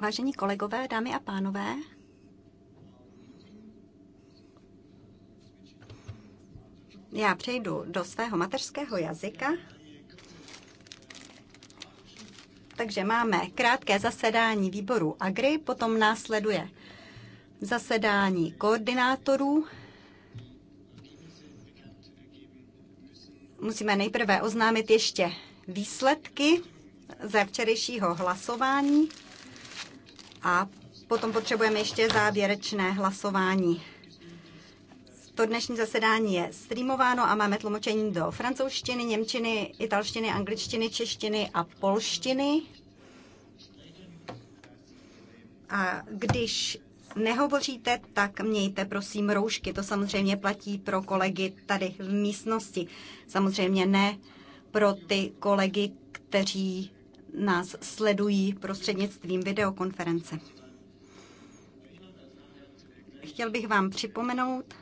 Vážení kolegové, dámy a pánové, já přejdu do svého mateřského jazyka. Takže máme krátké zasedání výboru Agri, potom následuje zasedání koordinátorů. Musíme nejprve oznámit ještě výsledky ze včerejšího hlasování a potom potřebujeme ještě závěrečné hlasování. To dnešní zasedání je streamováno a máme tlumočení do francouzštiny, němčiny, italštiny, angličtiny, češtiny a polštiny. A když nehovoříte, tak mějte prosím roušky. To samozřejmě platí pro kolegy tady v místnosti. Samozřejmě ne pro ty kolegy, kteří nás sledují prostřednictvím videokonference. Chtěl bych vám připomenout,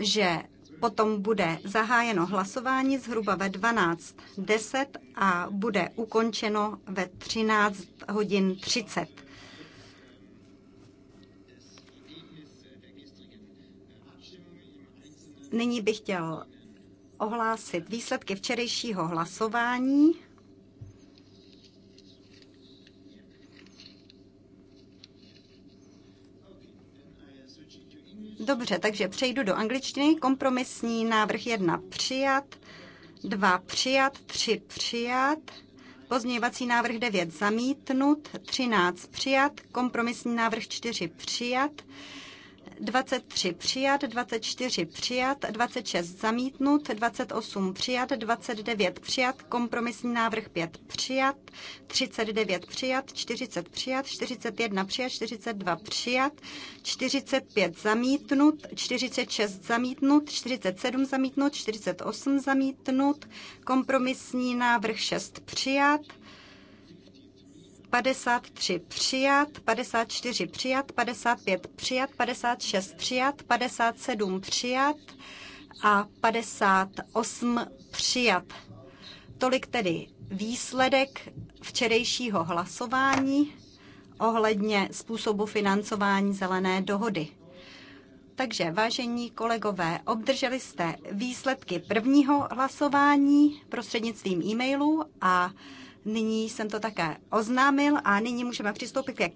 že potom bude zahájeno hlasování zhruba ve 12.10 a bude ukončeno ve 13 hodin 30. Nyní bych chtěl ohlásit výsledky včerejšího hlasování. Dobře, takže přejdu do angličtiny. Kompromisní návrh 1 přijat, 2 přijat, 3 přijat, pozměňovací návrh 9 zamítnut, 13 přijat, kompromisní návrh 4 přijat, 23 přijat, 24 přijat, 26 zamítnut, 28 přijat, 29 přijat, kompromisní návrh 5 přijat, 39 přijat, 40 přijat, 41 přijat, 42 přijat, 45 zamítnut, 46 zamítnut, 47 zamítnut, 48 zamítnut, kompromisní návrh 6 přijat, 53 přijat, 54 přijat, 55 přijat, 56 přijat, 57 přijat a 58 přijat. Tolik tedy výsledek včerejšího hlasování ohledně způsobu financování zelené dohody. Takže, vážení kolegové, obdrželi jste výsledky prvního hlasování prostřednictvím e-mailu a Nyní jsem to také oznámil a nyní můžeme přistoupit ke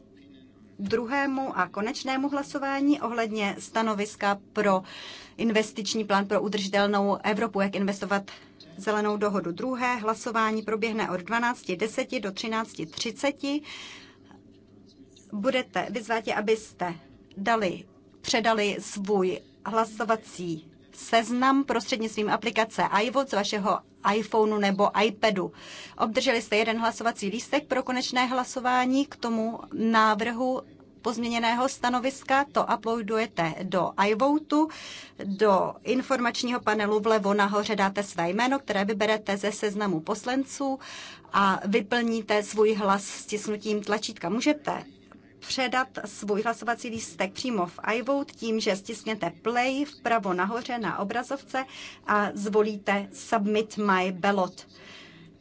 druhému a konečnému hlasování ohledně stanoviska pro investiční plán pro udržitelnou Evropu, jak investovat zelenou dohodu. Druhé hlasování proběhne od 12.10 do 13.30. Budete vyzváti, abyste dali, předali svůj hlasovací seznam prostřednictvím aplikace iVote z vašeho iPhoneu nebo iPadu. Obdrželi jste jeden hlasovací lístek pro konečné hlasování k tomu návrhu pozměněného stanoviska, to uploadujete do iVoteu, do informačního panelu vlevo nahoře dáte své jméno, které vyberete ze seznamu poslanců a vyplníte svůj hlas stisnutím tlačítka. Můžete předat svůj hlasovací lístek přímo v iVote tím, že stiskněte play vpravo nahoře na obrazovce a zvolíte Submit my ballot.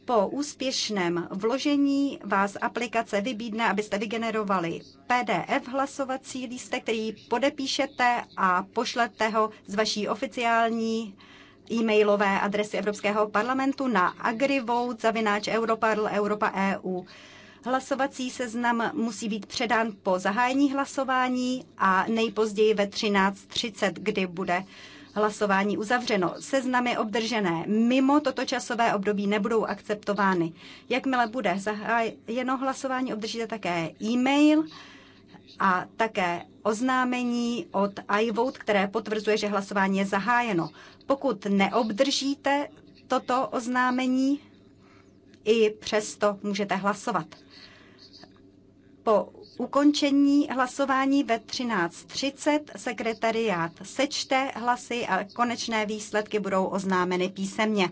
Po úspěšném vložení vás aplikace vybídne, abyste vygenerovali PDF hlasovací lístek, který podepíšete a pošlete ho z vaší oficiální e-mailové adresy Evropského parlamentu na agrivote.europarl.europa.eu. Hlasovací seznam musí být předán po zahájení hlasování a nejpozději ve 13.30, kdy bude hlasování uzavřeno. Seznamy obdržené mimo toto časové období nebudou akceptovány. Jakmile bude zahájeno hlasování, obdržíte také e-mail a také oznámení od iVote, které potvrzuje, že hlasování je zahájeno. Pokud neobdržíte toto oznámení, i přesto můžete hlasovat. Po ukončení hlasování ve 13.30 sekretariát sečte hlasy a konečné výsledky budou oznámeny písemně.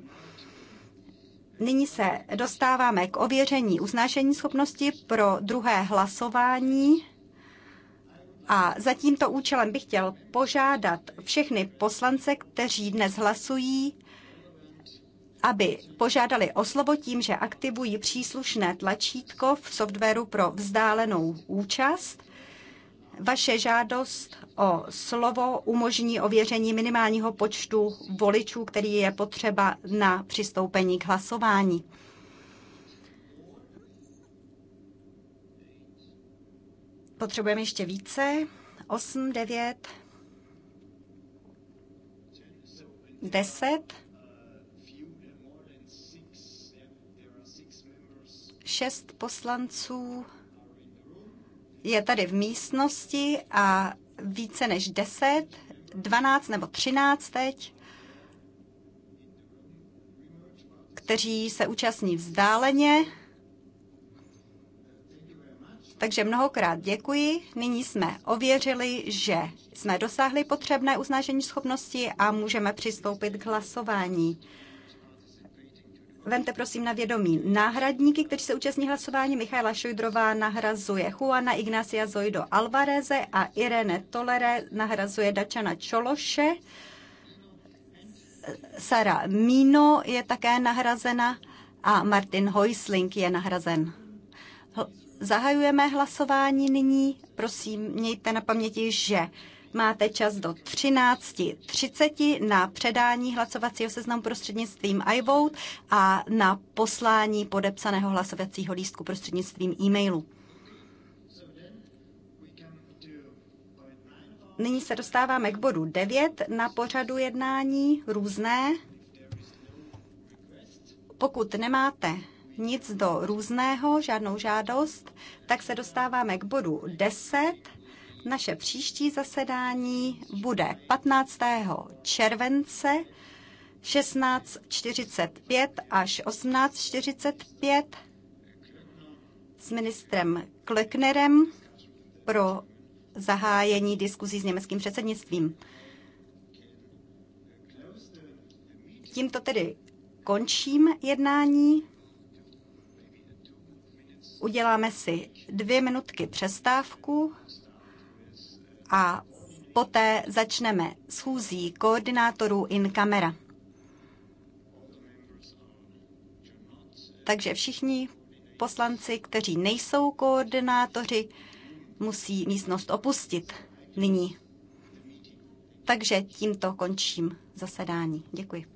Nyní se dostáváme k ověření uznášení schopnosti pro druhé hlasování. A za tímto účelem bych chtěl požádat všechny poslance, kteří dnes hlasují, aby požádali o slovo tím, že aktivují příslušné tlačítko v softwaru pro vzdálenou účast. Vaše žádost o slovo umožní ověření minimálního počtu voličů, který je potřeba na přistoupení k hlasování. Potřebujeme ještě více. 8, 9, 10. šest poslanců je tady v místnosti a více než deset, dvanáct nebo třináct teď, kteří se účastní vzdáleně. Takže mnohokrát děkuji. Nyní jsme ověřili, že jsme dosáhli potřebné usnášení schopnosti a můžeme přistoupit k hlasování. Vemte prosím na vědomí. Náhradníky, kteří se účastní hlasování, Michaela Šojdrová nahrazuje Juana Ignacia Zoido Alvareze a Irene Tolere nahrazuje Dačana Čološe. Sara Mino je také nahrazena a Martin Hoisling je nahrazen. Zahajujeme hlasování nyní. Prosím, mějte na paměti, že Máte čas do 13.30 na předání hlasovacího seznamu prostřednictvím iVote a na poslání podepsaného hlasovacího lístku prostřednictvím e-mailu. Nyní se dostáváme k bodu 9 na pořadu jednání různé. Pokud nemáte nic do různého, žádnou žádost, tak se dostáváme k bodu 10 naše příští zasedání bude 15. července 16.45 až 18.45 s ministrem Klöcknerem pro zahájení diskuzí s německým předsednictvím. Tímto tedy končím jednání. Uděláme si dvě minutky přestávku a poté začneme schůzí koordinátorů in camera. Takže všichni poslanci, kteří nejsou koordinátoři, musí místnost opustit nyní. Takže tímto končím zasedání. Děkuji.